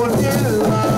por el mar.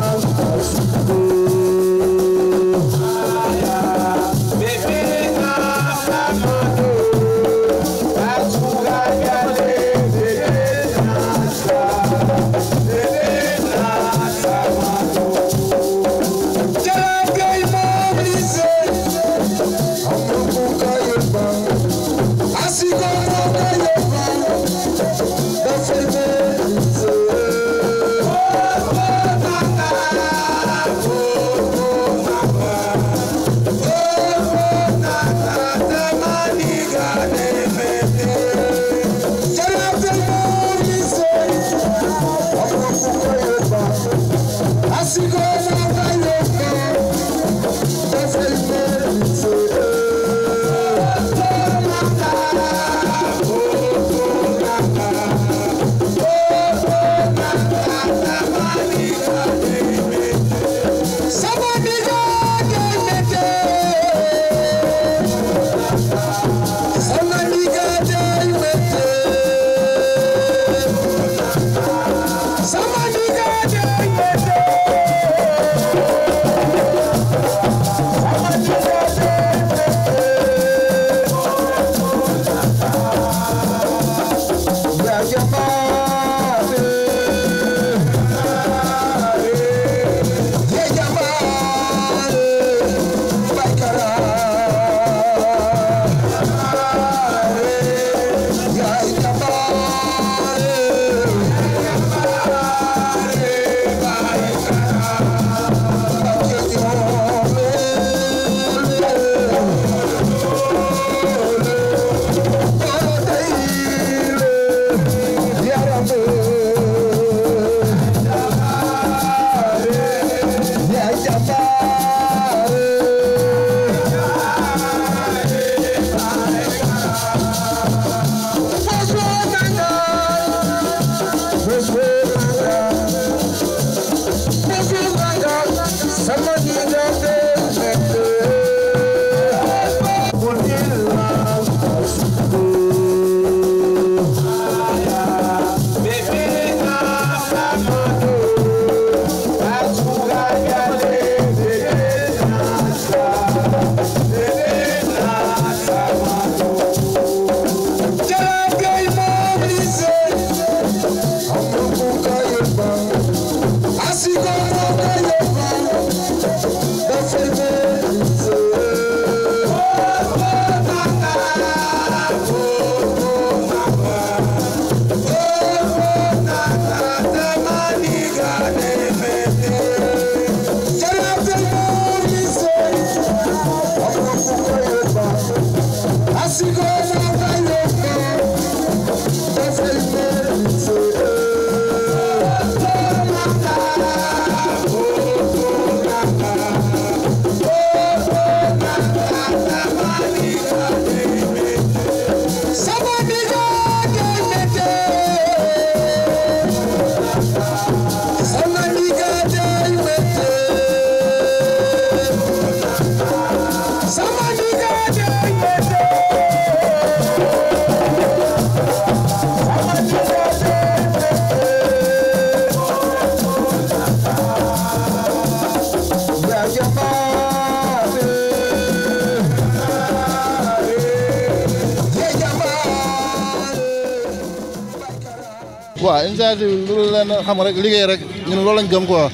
quoi initiative lu leen xam rek liggéey rek ñun loolu lañ gëm quoi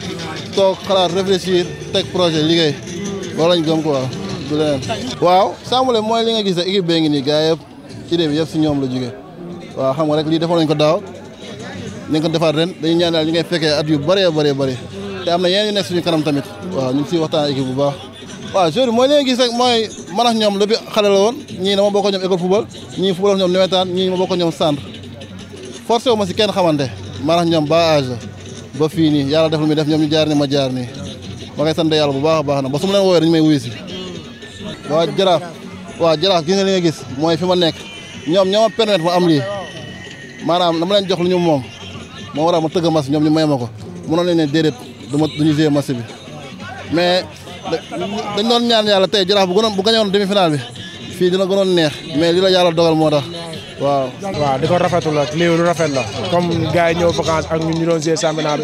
toog xalaat réfléchir teg projet liggéey loolu lañ gëm quoi du leneen. waaw Sambale mooy li nga gis rek équipe bee ngi nii gars yëpp idée si ñoom la jógee waaw xam nga rek lii defoon nañ ko daaw nañ ko defaat ren dañuy ñaan daal ñu ngay fekkee at yu bëree bëree bëri te am na yeneen yu nekk suñu kanam tamit waaw ñu si siy waxtaan équipe bu baax. waa jori mooy li nga gis rek mooy man ak ñoom lépp xale la woon ñii dama bokk ñoom école football ñii football ñoom nawetaan ñii ma bokk ñoom centre forcé wu ma si kenn xamante maanaam ñoom ba âge ba fii nii yàlla def lu muy def ñoom ñu jaar ni ma jaar nii ma koy sant yàlla bu baax baax na ba su ma leen woowee dañu may wuyu si waa jaraaf waa jaraaf gis nga li nga gis mooy fi ma nekk ñoom ñoo ma permettre ma am lii maanaam dama leen jox lu ñu moom moo waral ma tëgg a mas ñoom ñu may ma ko mënoon nañ ne déedéet du ma du ñu jouer mas bi mais dañ doon ñaan yàlla tey jaraaf bu gënoon bu gañoon demi final bi fii dina gënoon li la yàlla dogal moo waaw waaw di ko rafetu la lii lu rafet la comme gars yi ñëw vacance ak ñu ñu doon jouer championnat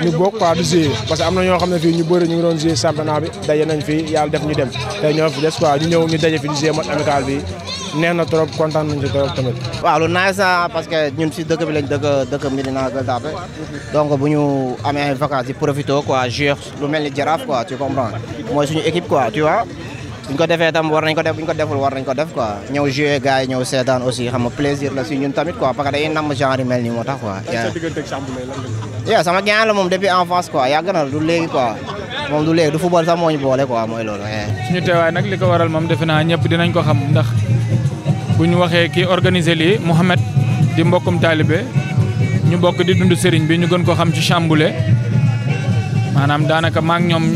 bi ñu bokk quoi que am na ñoo xam ne fii ñu bëri ñu ngi doon jouer championnat bi daje nañ fii yàlla def ñu dem tey ñoo des quoi ñu ñëw ñu daje fi di jouer match amical neex na trop kontaan nañ ci trop tamit waaw lu nice na parce que ñun si dëkk bi lañ dëkk dëkk Médina Gueule Tapée donc bu ñu amee ay vacances yi profito quoi jouer lu mel ni jaraaf quoi tu mooy suñu équipe quoi tu vois buñ ko defee tam war nañ ko def buñ ko deful war ko def quoi ñëw jouer gars yi ñëw seetaan aussi xam nga la si ñun tamit quoi parce que dañuy genre mel nii moo tax quoi. yaa sama gain la moom depuis enfance quoi yàgg na du léegi quoi moom du léegi du football sax moo ñu boole quoi mooy loolu. suñu teewaay nag li ko waral moom defe naa ñëpp dinañ ko xam ndax bu ñu waxee kii organiser lii Mouhamed di mbokkum taalibe ñu bokk di dund sëriñ bi ñu gën ko xam ci Chamboulé maanaam daanaka maak ñoom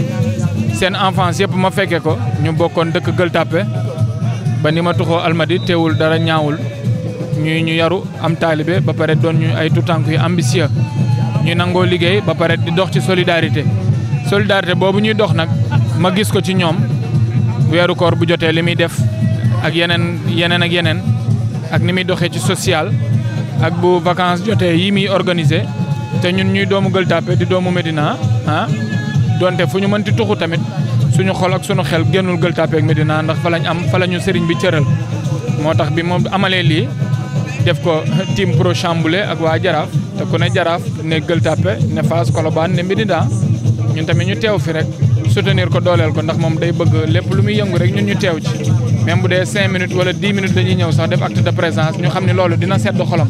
seen enfance yëpp ma fekke ko ñu bokkoon dëkk Gueule Tapée ba ni ma tuxoo Almadi teewul dara ñaawul ñuy ñu yaru am taalibe ba pare doon ñu ay tutank yu ambitieux ñu nangoo liggéey ba pare di dox ci solidarité solidarité boobu ñuy dox nag ma gis ko ci ñoom weeru koor bu jotee li muy def ak yeneen yeneen ak yeneen ak ni muy doxee ci social ak bu vacances jotee yi muy organise te ñun ñuy doomu Gueule Tapée di doomu Médina ah donte fu ñu mënti tuxu tamit suñu xol ak suñu xel génnul Gueule Tapée ak Médina ndax fa lañ am fa la ñu sëriñ bi cëral moo tax bi moom amalee lii def ko tiim pour chamboulé ak waa jaraaf te ku ne jaraaf ne Gueule Tapée ne Fass Colobane ne Médina ñun tamit ñu teew fi rek soutenir ko dooleel ko ndax moom day bëgg lépp lu muy yëngu rek ñun ñu teew ci même bu dee cinq minutes wala dix minutes dañuy ñëw sax def acte de présence ñu xam ne loolu dina sedd xolam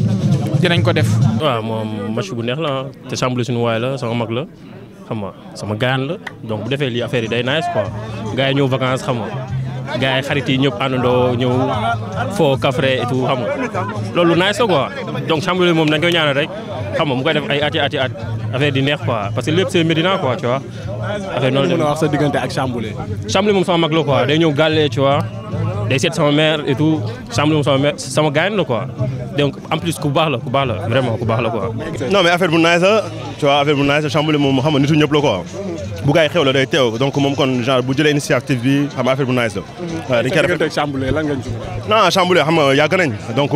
dinañ ko def. waaw moom match bu neex la te chamboulé suñu waay la sama mag xam nga sama gaan donc bu defee lii affaire yi day nice quoi gars yi ñëw vacances xam nga gars yi xarit yi ñëpp àndandoo ñëw foo kafre et tout loolu nice la quoi donc chambre moom dañ koy ñaanal rek xam mu koy def ay ati ati at affaire di neex quoi parce que lépp c'est Médina quoi tu vois. noonu la mën a wax sa diggante ak chambre. sama mag la quoi day ñëw gàllee tu day seet sama mère et tout sama gaañ la quoi donc en plus ku baax la ku baax la vraiment ku baax la quoi. non mais affaire bu nice la tu vois bu nice la chambre moom xam nga nitu ñëpp la quoi. bu gars xew la day teew donc moom kon genre bu jëlee initiative bi xam nga affaire bu nice la. waaw dañu koy rafetlu xam nga yàgg donc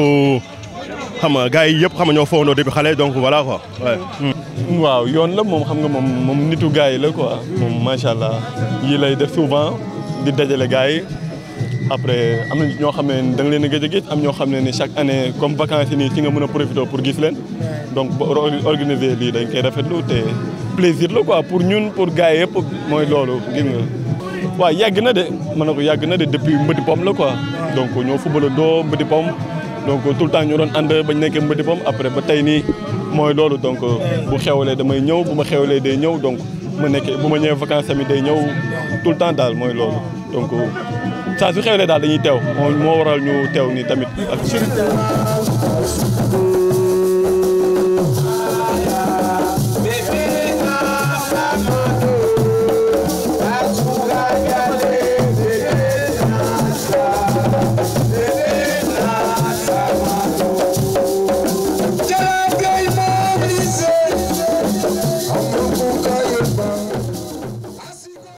xam nga yi yëpp xam nga ñoo foogandoo depuis xale donc voilà quoi. Hmm. waaw yoon la moom xam nga moom moom nitu gars yi la quoi. moom macha allah yii lay def souvent di dajale gars yi après am na ñoo xam ne da nga leen a gëj a gis am ñoo xam ne ni chaque année comme vacances yi nii ci nga mën a profité pour gis leen. donc ba organiser lii dañ koy rafetlu te plaisir la quoi pour ñun pour gars yëpp mooy loolu gis nga. waaw yàgg na de man na ko yàgg na de depuis Mbëdi Pom la quoi. donc ñoo footballandoo Mbëdi Pom. donc tout le temps ñu doon ànd bañ nekkee Mbëdi Pom après ba tey nii mooy loolu donc bu xewlee damay ñëw bu ma xewlee day ñëw donc ma nekkee bu ma ñëwee vacances tamit day ñëw tout le temps daal mooy loolu donc. saa su xewlee daal dañuy teew moo waral ñu teew nii tamit ak